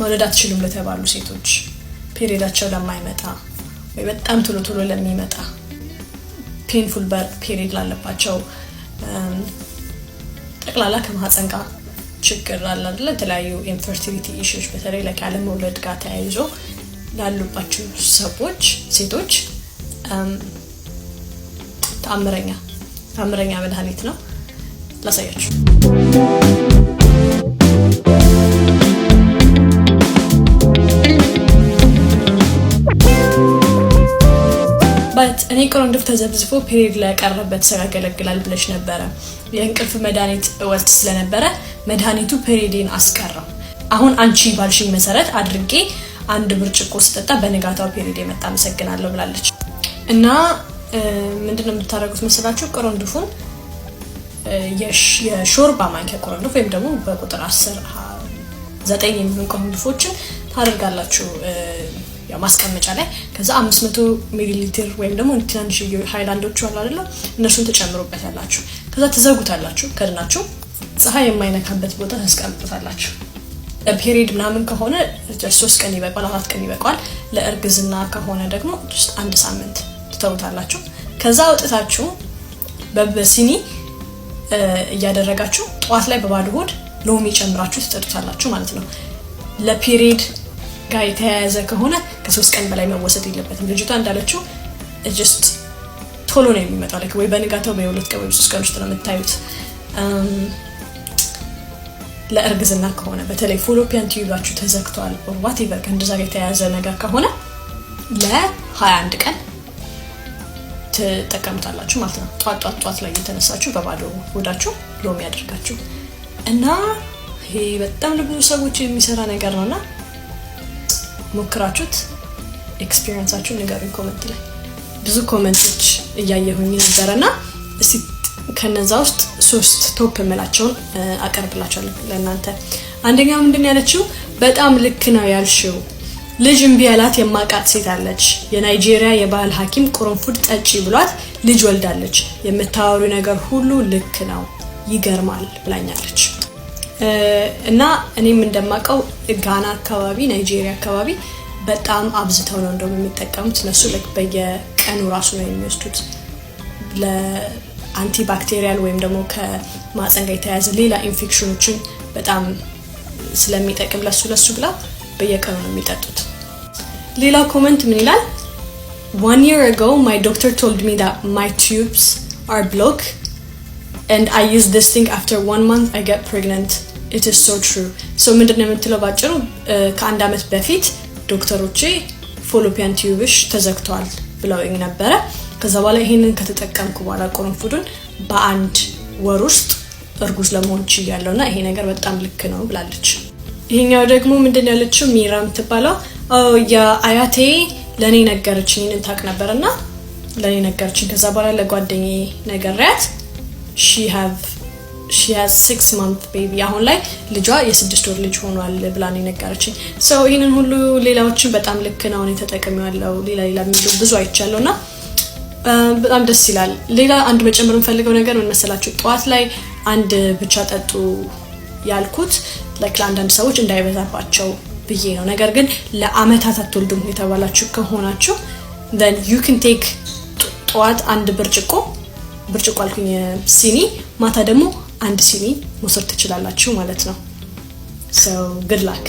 መውለድ አትችሉም ለተባሉ ሴቶች፣ ፔሪዳቸው ለማይመጣ ወይ በጣም ቶሎ ቶሎ ለሚመጣ ፔንፉል ፔሪድ ላለባቸው፣ ጠቅላላ ከማህፀን ጋር ችግር ላለ የተለያዩ ኢንፈርቲሊቲ ኢሹዎች በተለይ ላይ ያለመውለድ ጋር ተያይዞ ላሉባቸው ሰዎች ሴቶች ተአምረኛ ተአምረኛ መድኃኒት ነው። ላሳያችሁ። እኔ ቅርንፉድ ተዘብዝፎ ፔሪድ ላይ ያቀረበት ስራ ያገለግላል ብለሽ ነበረ። የእንቅልፍ መድኃኒት እወስድ ስለነበረ መድኃኒቱ ፔሪዴን አስቀረው። አሁን አንቺ ባልሽኝ መሰረት አድርጌ አንድ ብርጭቆ ስጠጣ በንጋታው ፔሪድ የመጣ አመሰግናለሁ ብላለች። እና ምንድነው የምታደርጉት መሰላችሁ? ቅርንፉዱን የሾርባ ማንኪያ ቅርንፉድ ወይም ደግሞ በቁጥር 10 9 የሚሆኑ ቅርንፉዶችን ታደርጋላችሁ ማስቀመጫ ላይ ከዛ አምስት ሚሊ ሊትር ወይም ደግሞ ትናንሽ ሀይላንዶች አሉ አደለም እነሱን ተጨምሮበት ያላችሁ ከዛ ትዘጉታላችሁ። ከድናችሁ ፀሐይ የማይነካበት ቦታ ታስቀምጡታላችሁ። ለፔሪድ ምናምን ከሆነ ሶስት ቀን ይበቋል፣ አራት ቀን ይበቋል። ለእርግዝና ከሆነ ደግሞ አንድ ሳምንት ትተውታላችሁ። ከዛ አውጥታችሁ በሲኒ እያደረጋችሁ ጠዋት ላይ በባዶ ሆድ ሎሚ ጨምራችሁ ትጠጡታላችሁ ማለት ነው ለፔሪድ ጋር የተያያዘ ከሆነ ከሶስት ቀን በላይ መወሰድ የለበትም። ልጅቷ እንዳለችው ጀስት ቶሎ ነው የሚመጣው። ላይክ ወይ በንጋታው በሁለት ቀን ወይ ሶስት ቀን ውስጥ ነው የምታዩት። ለእርግዝና ከሆነ በተለይ ፎሎፒያን ቲዩባችሁ ተዘግቷል ኦር ዋቴቨር ከእንደዛ ጋር የተያያዘ ነገር ከሆነ ለ21 ቀን ትጠቀሙታላችሁ ማለት ነው። ጧት ጧት ጧት ላይ እየተነሳችሁ በባዶ ሆዳችሁ ሎሚ ያደርጋችሁ እና ይሄ በጣም ለብዙ ሰዎች የሚሰራ ነገር ነው ነውና ሞክራችሁት ኤክስፒሪንሳችሁን ንገሩኝ ኮመንት ላይ። ብዙ ኮመንቶች እያየሁኝ ነበረ ና ከነዛ ውስጥ ሶስት ቶፕ የምላቸውን uh, አቀርብላቸዋለሁ ለእናንተ። አንደኛው ምንድን ያለችው በጣም ልክ ነው ያልሽው ልጅ እምቢ ያላት የማቃት ሴት አለች። የናይጄሪያ የባህል ሀኪም ቁርንፉድ ጠጪ ብሏት ልጅ ወልዳለች። የምታወሩ ነገር ሁሉ ልክ ነው፣ ይገርማል ብላኛለች። እና እኔም እንደማውቀው ጋና አካባቢ፣ ናይጄሪያ አካባቢ በጣም አብዝተው ነው እንደውም የሚጠቀሙት። እነሱ በየቀኑ ራሱ ነው የሚወስዱት ለአንቲባክቴሪያል ወይም ደግሞ ከማፀን ጋር የተያያዘ ሌላ ኢንፌክሽኖችን በጣም ስለሚጠቅም ለሱ ለሱ ብላ በየቀኑ ነው የሚጠጡት። ሌላው ኮመንት ምን ይላል? ዋን የር አጎ ማይ ዶክተር ቶልድ ሚ ማይ ቲዩብስ አር ብሎክ ኤንድ አይ ዩዝ ዲስ ቲንግ አፍተር ዋን ማንት አይ ገት ፕሬግነንት ኢት ኢዝ ሶ ትሩ ሶ ምንድነው የምትለው ባጭሩ ከአንድ አመት በፊት ዶክተሮቼ ፎሎፒያን ቲዩብሽ ተዘግተዋል ብለውኝ ነበረ። ከዛ በኋላ ይህንን ከተጠቀምኩ በኋላ ቅርንፉዱን በአንድ ወር ውስጥ እርጉዝ ለመሆን እያለው ና ይሄ ነገር በጣም ልክ ነው ብላለች። ይሄኛው ደግሞ ምንድን ያለችው ሚራ የምትባለው የአያቴ ለእኔ ነገረች ይህንን ታውቅ ነበር እና ለእኔ ነገረችኝ። ከዛ በኋላ ነገር ያት ሺ ሃቭ ሲክስ ማንት ቤቢ አሁን ላይ ልጇ የስድስት ወር ልጅ ሆኗል ብላን የነገረችኝ። ሰው ይህንን ሁሉ ሌላዎችን በጣም ልክ ነው እኔ ያለው ሌላ ሌላ የሚሉ ብዙ አይቻለሁ እና በጣም ደስ ይላል። ሌላ አንድ መጨመር የምፈልገው ነገር ምን መሰላችሁ? ጠዋት ላይ አንድ ብቻ ጠጡ ያልኩት ለአንዳንድ ሰዎች እንዳይበዛባቸው ብዬ ነው። ነገር ግን ለአመታት አትወልድም የተባላችሁ ከሆናችሁ ዩ ን ቴክ ጠዋት አንድ ብርጭቆ ብርጭቆ አልኩኝ ሲኒ ማታ ደግሞ አንድ ሲኒ መውሰድ ትችላላችሁ ማለት ነው። ሰው ግድ ላክ